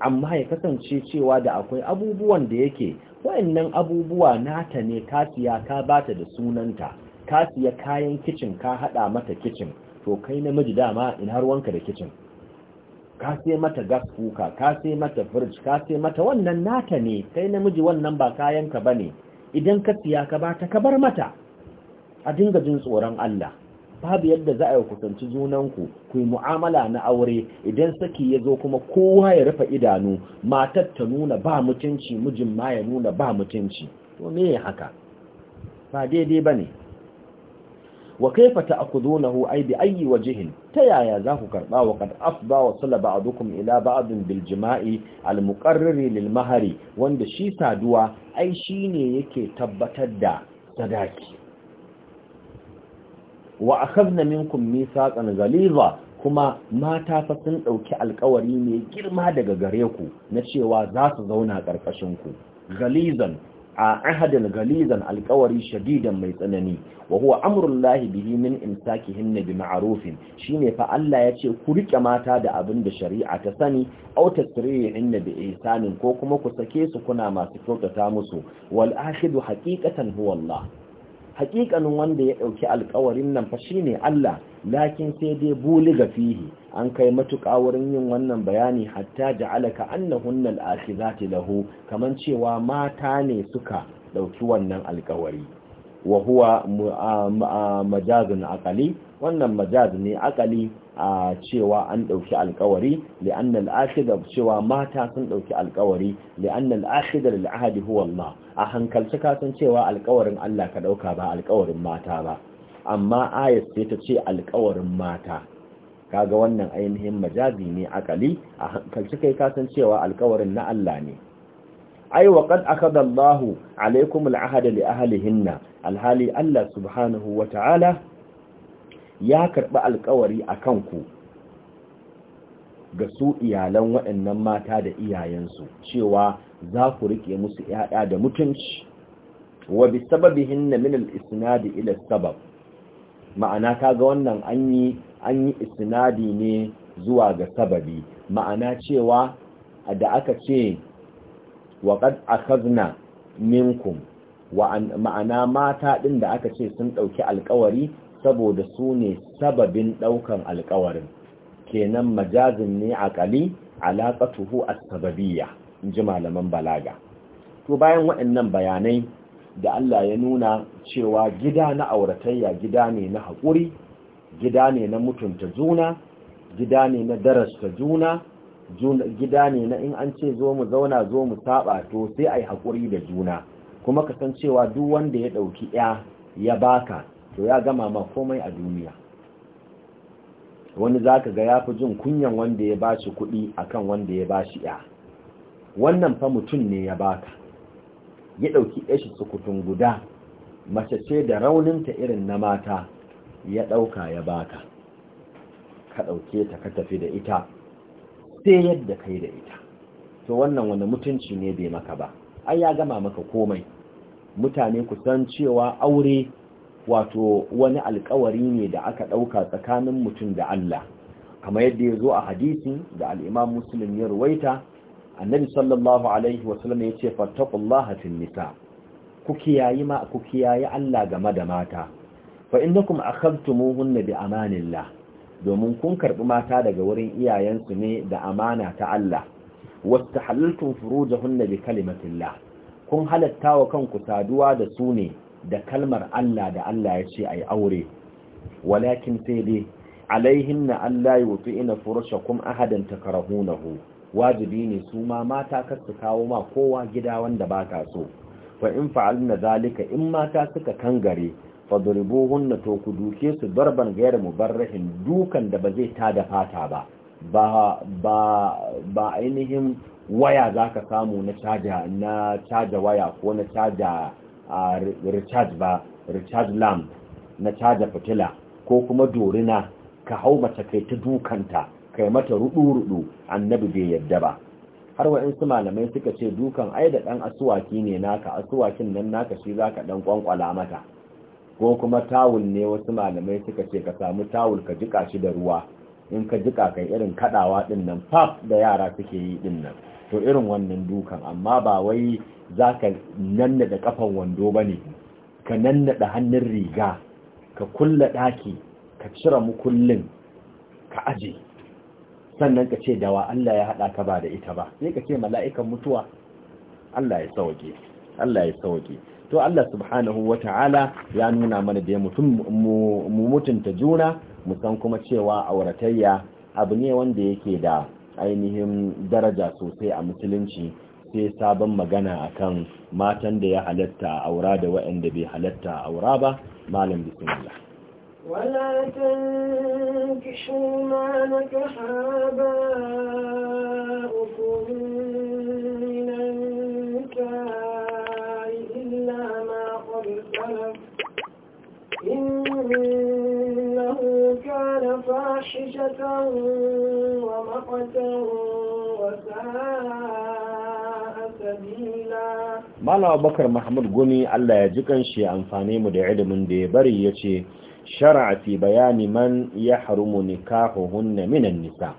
amma ya kasance cewa da akwai abubuwan da yake wayannan abubuwa nata ne ka siya ka bata da sunanta ka siya kayan kicin ka hada mata kicin to kai namiji dama in har wanka da kicin ka sai mata gas kuka ka sai mata fridge ka sai mata wannan nata ne kai namiji wannan ba kayan ka bane idan ka siya ka bata ka bar mata a dinga jin tsoron Allah babu yadda za a yi kusanci junanku ku yi mu'amala na aure idan saki ya zo kuma kowa ya rufe idanu matar ta nuna ba mutunci mijin ma ya nuna ba mutunci to me haka ba daidai ba ne wa kaifa ta'khudunahu ay bi ayyi wajhin ta yaya za ku karba wa af ba wa sala ba'dukum ila ba'din bil jima'i al muqarrari lil mahari wanda shi saduwa ai shi ne yake tabbatar da sadaki wa akhadna minkum mithaqan ghaliza kuma mata fa sun dauki alƙawari mai girma daga gare ku na cewa za su zauna ƙarƙashin ku ghalizan a ahadin ghalizan alkawari shadidan mai tsanani wa huwa amrul lahi bihi min imsakihin bi ma'rufin shine fa Allah ya ce ku rike mata da abin da shari'a ta sani aw tasrihin bi ihsanin ko kuma ku sake su kuna masu kyautata musu wal akhidu haqiqatan huwa Allah haƙiƙanin wanda ya ɗauki alƙawarin nan fa shine Allah lakin sai dai buli ga fihi an kai matuƙa wurin yin wannan bayani hatta ja'alaka annahunnal akhizati lahu kaman cewa mata ne suka ɗauki wannan alƙawari wa huwa majazun akali wannan majaz ne akali a cewa an dauki alkawari li'annal akhidha cewa mata sun dauki alkawari li'annal akhidha lil ahdi huwa Allah a hankalci ka san cewa alkawarin Allah ka dauka ba alkawarin mata ba amma ayat sai ta ce alkawarin mata kaga wannan ainihin majazi ne akali a hankalci kai ka san cewa alkawarin na Allah ne ai wa kad akhadha Allahu alaykum al'ahada li ahlihinna alhali Allah subhanahu wata'ala ya karba alƙawari akan ku ga su iyalan waɗannan mata da iyayensu cewa za ku rike musu ƴaƴa da mutunci wa bi sababihinna min al-isnad ila sabab ma'ana kaga wannan an yi an yi isnadi ne zuwa ga sababi ma'ana cewa da aka ce wa qad akhadna minkum ma'ana mata ɗin da aka ce sun ɗauki alƙawari, saboda su ne sababin ɗaukan alkawarin kenan majazin ne aqali alaqatuhu a sababiyya ji malaman balaga to bayan waɗannan bayanai da Allah ya nuna cewa gida na auratayya gida ne na haƙuri gida ne na mutunta juna gida ne na darasta juna gida ne na in an ce zo mu zauna zo mu saba to sai ai hakuri da juna kuma ka san cewa duk wanda ya ɗauki ya ya baka to ya gama ma komai a duniya wani zaka ga yafi jin kunyan wanda ya bashi kuɗi akan wanda ya bashi ya wannan fa mutum ne ya baka ya ɗauki shi sukutun guda mace ce da rauninta irin na mata ya ɗauka ya baka ka ɗauke ta ka tafi da ita sai yadda kai da ita to wannan wani mutunci ne bai maka ba ai ya gama maka komai mutane ku san cewa aure wato wani alkawari ne da aka ɗauka tsakanin mutum da Allah kamar yadda ya zo a hadisi da al'imam muslim ya ruwaita annabi sallallahu alaihi wa sallam ya ce fattaqullaha fil nisa ku kiyayi ma ku kiyayi Allah game da mata fa innakum akhadtumuhunna bi amanillah domin kun karɓi mata daga wurin iyayensu ne da amana ta Allah wasta halaltun hunna bi kalimatillah kun halatta wa kanku saduwa da su ne da kalmar Allah da Allah ya ce a yi aure walakin sai dai alaihinna Allah ina kum furushakum na nahu. wajibi ne su ma mata kar kawo ma kowa gida wanda ba ta so fa in na zalika in mata suka kangare fadribuhunna to ku duke su darban gayar mubarrahin dukan da ba zai tada fata ba ba ba ainihin waya zaka samu na caja na caja waya ko na caja recharge ba recharge lamp na caja fitila ko kuma dorina ka hau mace kai ta dukanta kai mata rudu-rudu annabi bai yadda ba har wa su malamai suka ce dukan ai da dan asuwaki ne naka asuwakin nan naka shi zaka dan kwankwala mata ko kuma tawul ne wasu malamai suka ce ka samu tawul ka jika shi da ruwa in ka jika kai irin kadawa din nan pap da yara suke yi din nan to irin wannan dukan amma ba wai za zaka nannada kafan wando ba ne, ka nannada hannun riga ka kulla daki ka cire mukullin ka aje sannan ka ce dawa Allah ya hada ka ba da ita ba sai ka ce mala'ikan mutuwa Allah ya sauke Allah ya sauke to Allah subhanahu wata'ala ya nuna mana da mutum mu mutunta juna mu san kuma cewa auratayya abu ne wanda yake da ainihin daraja sosai a musulunci sai sabon magana akan matan da ya halatta aura da waɗanda bai halatta aura ba malam bismillah ولا تنكشوا ما نكح آباؤكم إنه كان فاحشة ومقتا وساء سبيلا Malam Bakar Mahmud Gumi Allah ya ji kanshi amfani mu da ilimin da ya bari ya ce, Shara'a fi bayani man ya harumu nikahuhunna minan nisa.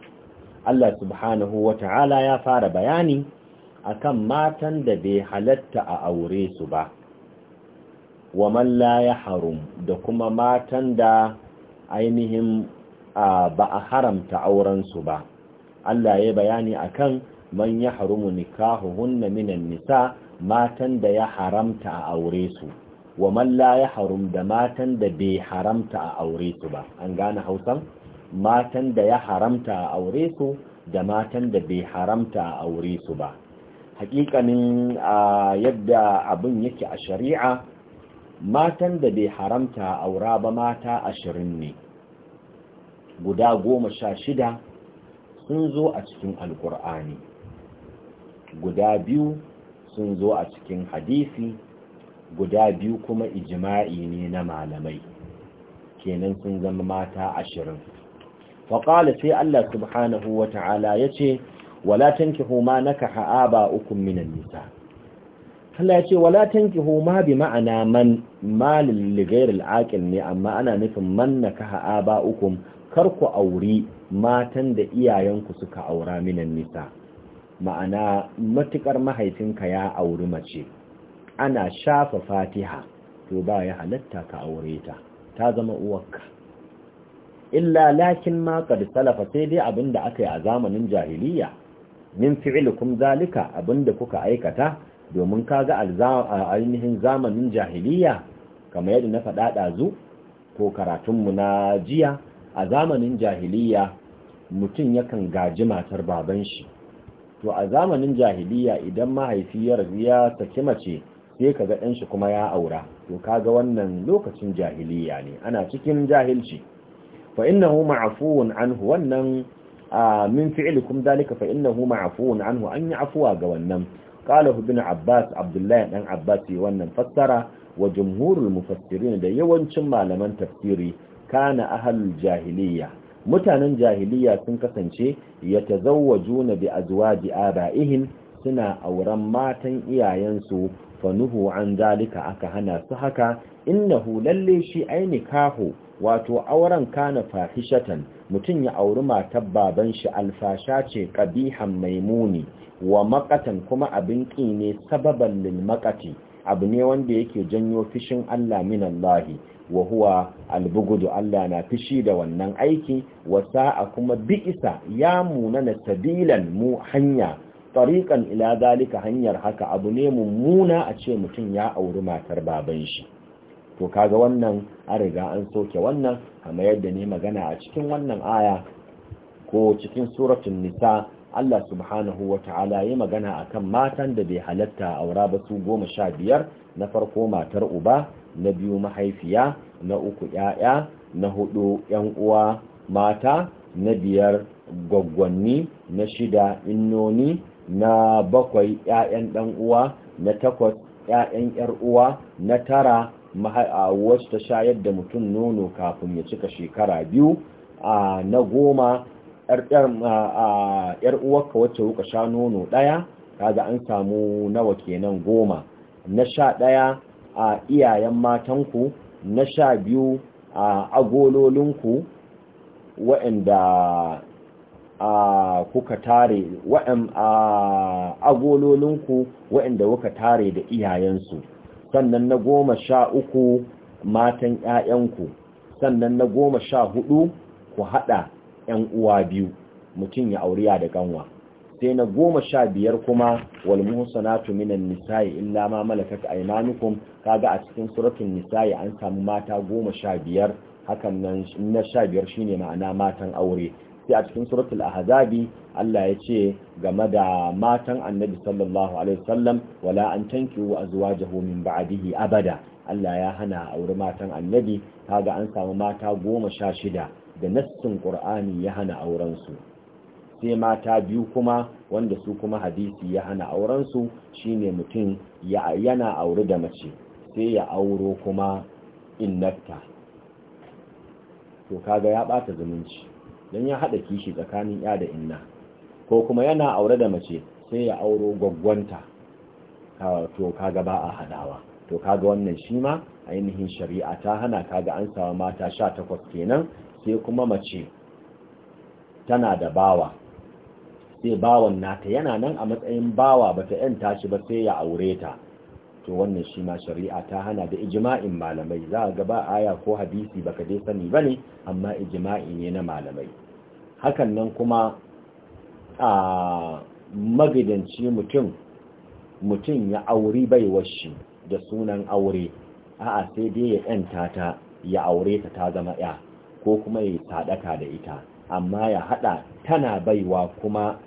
Allah subhanahu wa ta'ala ya fara bayani akan matan da bai halatta a aure su ba. wa la ya harum da kuma matan da ainihin ba a haramta aurensu ba Allah ya bayani akan man ya harumu hunna minan nisa matan da ya haramta a aure su wa man la ya harum da matan da bai haramta a aure su ba an gane Hausa matan da ya haramta a aure su da matan da bai haramta a aure su ba hakikanin yadda abin yake a shari'a matan da bai haramta aura ba mata ashirin ne guda goma sha shida sun zo a cikin alkur'ani guda biyu sun zo a cikin hadisi guda biyu kuma ijima'i ne na malamai kenan sun zama mata ashirin faƙala sai Allah subhanahu wa ta'ala ya ce wala tankihu ma nakaha ukun minan nisa' Allah ya ce wala tankihu ma bi ma'ana man malil li ghairil aqil ne amma ana nufin man nakaha aba'ukum kar ku auri matan da iyayenku suka aura minan nisa ma'ana matukar mahaifinka ya auri mace ana shafa fatiha to ba ya halatta ka aure ta ta zama uwarka illa lakin ma qad salafa sai dai abinda aka yi a zamanin jahiliya min fi'lukum zalika abinda kuka aikata domin kaga ainihin zamanin jahiliya kamar yadda na faɗa ɗazu ko karatunmu na jiya a zamanin jahiliya mutum yakan gaji matar baban shi to a zamanin jahiliya idan mahaifiyar ya ya saki mace sai kaga ɗan shi kuma ya aura to kaga wannan lokacin jahiliya ne ana cikin jahilci fa innahu ma'fuun anhu wannan min fi'likum dalika fa innahu ma'fuun anhu an yi afuwa ga wannan qala bin abbas abdullahi dan abbas wannan fassara wa jumhurul mufassirin da yawancin malaman tafsiri kana ahlul jahiliya mutanen jahiliya sun kasance yatazawwajuna bi azwaji aba'ihim suna auren matan iyayensu fanuhu an zalika aka hana su haka innahu lalle shi aini kahu wato auren kana fahishatan mutum ya auri matar baban shi alfasha ce qabihan maimuni wa makatan kuma abin ƙi ne sababan lil makati abu ne wanda yake janyo fishin Allah min Allah wa huwa albugudu Allah na fishi da wannan aiki wa sa'a kuma bi'isa ya na sabilan mu hanya tariqan ila zalika hanyar haka abu ne mummuna a ce mutum ya auri matar baban shi to kaga wannan an riga an soke wannan kamar yadda ne magana a cikin wannan aya ko cikin suratul nisa Allah subhanahu wa ta'ala ya magana kan matan da bai halatta aura ba su goma sha biyar na farko matar uba na biyu mahaifiya na uku ‘ya'ya na hudu ‘yan uwa mata na biyar gwaggwanni na shida innoni na bakwai ‘ya'yan ɗan uwa na takwas ‘ya'yan ‘yar uwa na tara wacce ta shayar da mutum nono kafin ya cika shekara biyu a na goma yar uwarka wacce kuka sha nono daya kaga an samu nawa kenan goma na sha daya a iyayen matanku na sha biyu a agololinku waɗanda a kuka tare waɗan a agololinku waɗanda kuka tare da iyayensu sannan na goma sha uku matan 'ya'yanku sannan na goma sha hudu ku haɗa 'yan uwa biyu mutum ya auriya da kanwa sai na goma sha biyar kuma wal muhsanatu minan nisa'i illa ma malakat aymanukum kaga a cikin suratul nisa'i an samu mata goma sha biyar hakan nan na sha biyar shine ma'ana matan aure sai a cikin suratul ahzabi Allah ya ce game da matan annabi sallallahu alaihi wasallam wala an a azwajahu min ba'dihi abada Allah ya hana aure matan annabi kaga an samu mata goma sha shida da nassin qur'ani ya hana aurensu, sai mata biyu kuma wanda su kuma hadisi ya hana auren su shine mutum yana aure da mace sai ya auro kuma innata to kaga ya bata zumunci don ya haɗa kishi tsakanin ya da inna ko kuma yana aure da mace sai ya auro gwaggwanta to kaga ba a hadawa to kaga wannan shi ma ainihin shari'a ta hana kaga an samu mata sha takwas kenan sai kuma mace tana da bawa sai bawan nata yana nan a matsayin bawa bata 'yan tashi ba sai ya aure ta to wannan shi ma shari'a ta hana da ijma'in malamai za ga ba aya ko hadisi baka dai sani bane amma ijma'i ne na malamai hakan nan kuma a magidanci mutum mutum ya auri baiwar shi da sunan aure a'a sai dai ya ɗanta ta ya aure ta ta zama ya ko kuma ya sadaka da ita amma ya haɗa tana baiwa kuma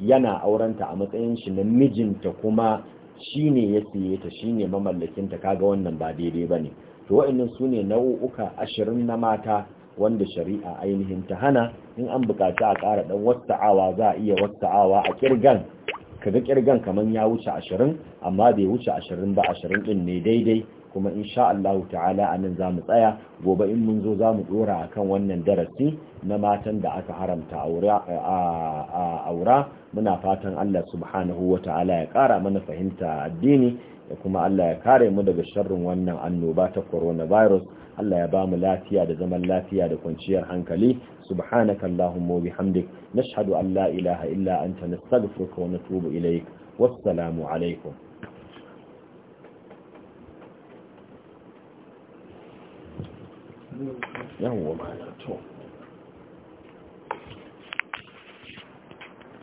yana aurenta a matsayin shi na mijinta kuma shine ya siye ta shine mamallakinta kaga wannan ba daidai bane to wa'annan sune nau'uka 20 na mata wanda shari'a ainihin ta hana in an bukaci a ƙara dan wasta'awa za a iya wasta'awa a kirgan kaga kirgan kaman ya wuce 20 amma bai wuce 20 ba 20 din ne daidai kuma insha Allah ta'ala a nan za mu tsaya gobe in mun zo za mu dora a kan wannan darasi na matan da aka haramta a aura muna fatan Allah subhanahu wa ta'ala ya kara mana fahimta addini da kuma Allah ya kare mu daga sharrin wannan annoba ta coronavirus Allah ya ba mu lafiya da zaman lafiya da kwanciyar hankali subhanaka allahumma wa bihamdik nashhadu an la ilaha illa anta nastaghfiruka wa natubu ilaik wassalamu alaikum 让我买的错。